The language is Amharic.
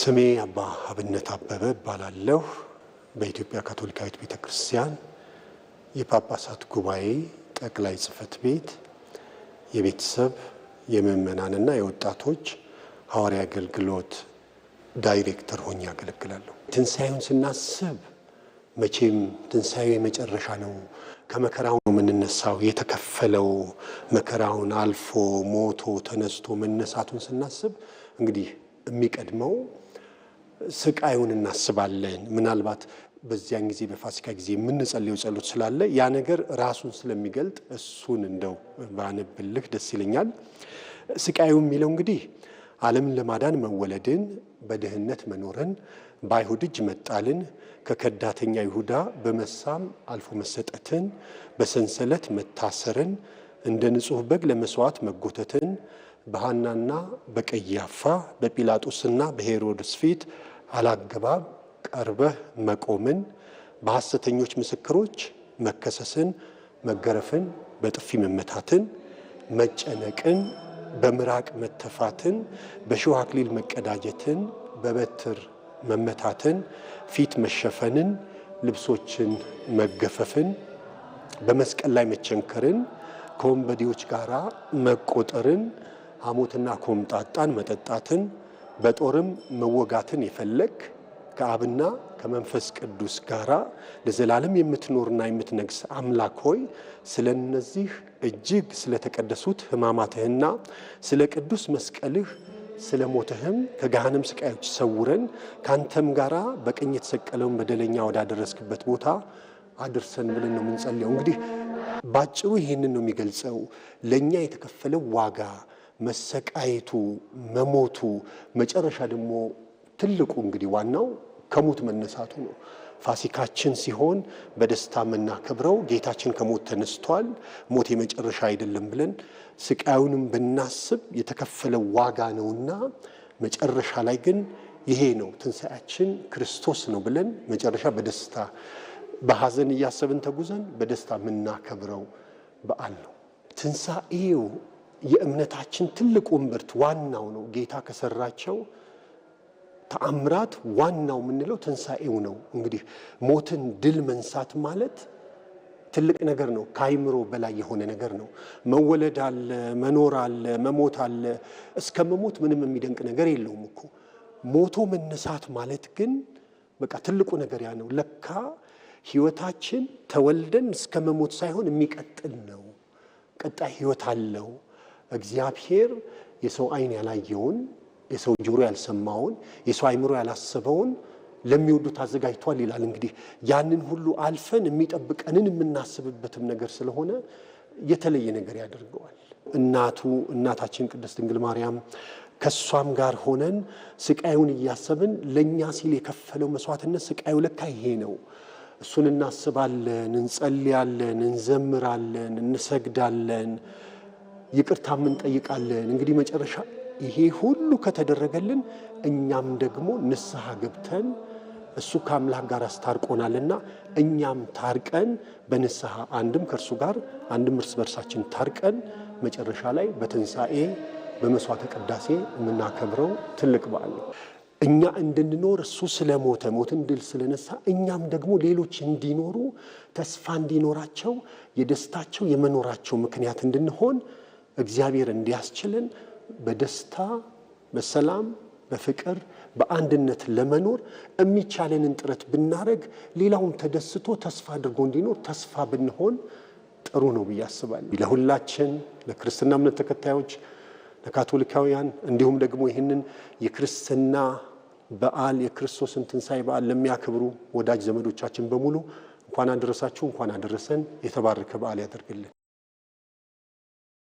ስሜ አባ አብነት አበበ እባላለሁ። በኢትዮጵያ ካቶሊካዊት ቤተ ክርስቲያን የጳጳሳት ጉባኤ ጠቅላይ ጽህፈት ቤት የቤተሰብ የምእመናንና የወጣቶች ሐዋርያ አገልግሎት ዳይሬክተር ሆኜ ያገለግላለሁ። ትንሣኤውን ስናስብ መቼም ትንሣኤው የመጨረሻ ነው። ከመከራው ነው የምንነሳው። የተከፈለው መከራውን አልፎ ሞቶ ተነስቶ መነሳቱን ስናስብ እንግዲህ የሚቀድመው ስቃዩን እናስባለን። ምናልባት በዚያን ጊዜ በፋሲካ ጊዜ የምንጸልየው ጸሎት ስላለ ያ ነገር ራሱን ስለሚገልጥ እሱን እንደው ባነብልህ ደስ ይለኛል። ስቃዩ የሚለው እንግዲህ ዓለምን ለማዳን መወለድን፣ በድህነት መኖርን፣ በአይሁድ እጅ መጣልን፣ ከከዳተኛ ይሁዳ በመሳም አልፎ መሰጠትን፣ በሰንሰለት መታሰርን፣ እንደ ንጹሕ በግ ለመስዋዕት መጎተትን በሐናና በቀያፋ በጲላጦስና በሄሮድስ ፊት አላግባብ ቀርበህ መቆምን፣ በሐሰተኞች ምስክሮች መከሰስን፣ መገረፍን፣ በጥፊ መመታትን፣ መጨነቅን፣ በምራቅ መተፋትን፣ በእሾህ አክሊል መቀዳጀትን፣ በበትር መመታትን፣ ፊት መሸፈንን፣ ልብሶችን መገፈፍን፣ በመስቀል ላይ መቸንከርን፣ ከወንበዴዎች ጋር መቆጠርን ሐሞትና ኮምጣጣን መጠጣትን በጦርም መወጋትን የፈለግ ከአብና ከመንፈስ ቅዱስ ጋር ለዘላለም የምትኖርና የምትነግስ አምላክ ሆይ ስለ እነዚህ እጅግ ስለተቀደሱት ሕማማትህና ስለ ቅዱስ መስቀልህ ስለ ሞትህም ከገሃነም ስቃዮች ሰውረን ከአንተም ጋራ በቀኝ የተሰቀለውን በደለኛ ወዳደረስክበት ቦታ አድርሰን ብለን ነው የምንጸልየው። እንግዲህ ባጭሩ ይህንን ነው የሚገልጸው ለእኛ የተከፈለው ዋጋ መሰቃየቱ፣ መሞቱ መጨረሻ ደግሞ ትልቁ እንግዲህ ዋናው ከሞት መነሳቱ ነው። ፋሲካችን ሲሆን በደስታ የምናከብረው ጌታችን ከሞት ተነስቷል፣ ሞት የመጨረሻ አይደለም ብለን ስቃዩንም ብናስብ የተከፈለ ዋጋ ነውና መጨረሻ ላይ ግን ይሄ ነው ትንሣኤያችን ክርስቶስ ነው ብለን መጨረሻ በደስታ በሐዘን እያሰብን ተጉዘን በደስታ የምናከብረው በዓል ነው ትንሣኤው የእምነታችን ትልቁ እምብርት ዋናው ነው። ጌታ ከሰራቸው ተአምራት ዋናው የምንለው ትንሣኤው ነው። እንግዲህ ሞትን ድል መንሳት ማለት ትልቅ ነገር ነው። ከአይምሮ በላይ የሆነ ነገር ነው። መወለድ አለ፣ መኖር አለ፣ መሞት አለ። እስከ መሞት ምንም የሚደንቅ ነገር የለውም እኮ ሞቶ መነሳት ማለት ግን በቃ ትልቁ ነገር ያ ነው። ለካ ህይወታችን ተወልደን እስከ መሞት ሳይሆን የሚቀጥል ነው። ቀጣይ ህይወት አለው። እግዚአብሔር የሰው ዓይን ያላየውን የሰው ጆሮ ያልሰማውን የሰው አይምሮ ያላሰበውን ለሚወዱት አዘጋጅቷል ይላል። እንግዲህ ያንን ሁሉ አልፈን የሚጠብቀንን የምናስብበትም ነገር ስለሆነ የተለየ ነገር ያደርገዋል። እናቱ እናታችን ቅድስት ድንግል ማርያም ከእሷም ጋር ሆነን ስቃዩን እያሰብን ለእኛ ሲል የከፈለው መስዋዕትነት ስቃዩ ለካ ይሄ ነው። እሱን እናስባለን፣ እንጸልያለን፣ እንዘምራለን፣ እንሰግዳለን። ይቅርታም እንጠይቃለን። እንግዲህ መጨረሻ ይሄ ሁሉ ከተደረገልን እኛም ደግሞ ንስሐ ገብተን እሱ ከአምላክ ጋር አስታርቆናልና እኛም ታርቀን በንስሐ አንድም ከእርሱ ጋር አንድም እርስ በርሳችን ታርቀን መጨረሻ ላይ በትንሣኤ በመስዋዕተ ቅዳሴ የምናከብረው ትልቅ በዓል ነው። እኛ እንድንኖር እሱ ስለሞተ ሞትን ድል ስለነሳ እኛም ደግሞ ሌሎች እንዲኖሩ ተስፋ እንዲኖራቸው የደስታቸው የመኖራቸው ምክንያት እንድንሆን እግዚአብሔር እንዲያስችልን በደስታ በሰላም በፍቅር በአንድነት ለመኖር የሚቻለንን ጥረት ብናደረግ ሌላውም ተደስቶ ተስፋ አድርጎ እንዲኖር ተስፋ ብንሆን ጥሩ ነው ብዬ አስባለሁ። ለሁላችን ለክርስትና እምነት ተከታዮች ለካቶሊካውያን እንዲሁም ደግሞ ይህንን የክርስትና በዓል የክርስቶስን ትንሣኤ በዓል ለሚያከብሩ ወዳጅ ዘመዶቻችን በሙሉ እንኳን አደረሳችሁ፣ እንኳን አደረሰን። የተባረከ በዓል ያደርግልን።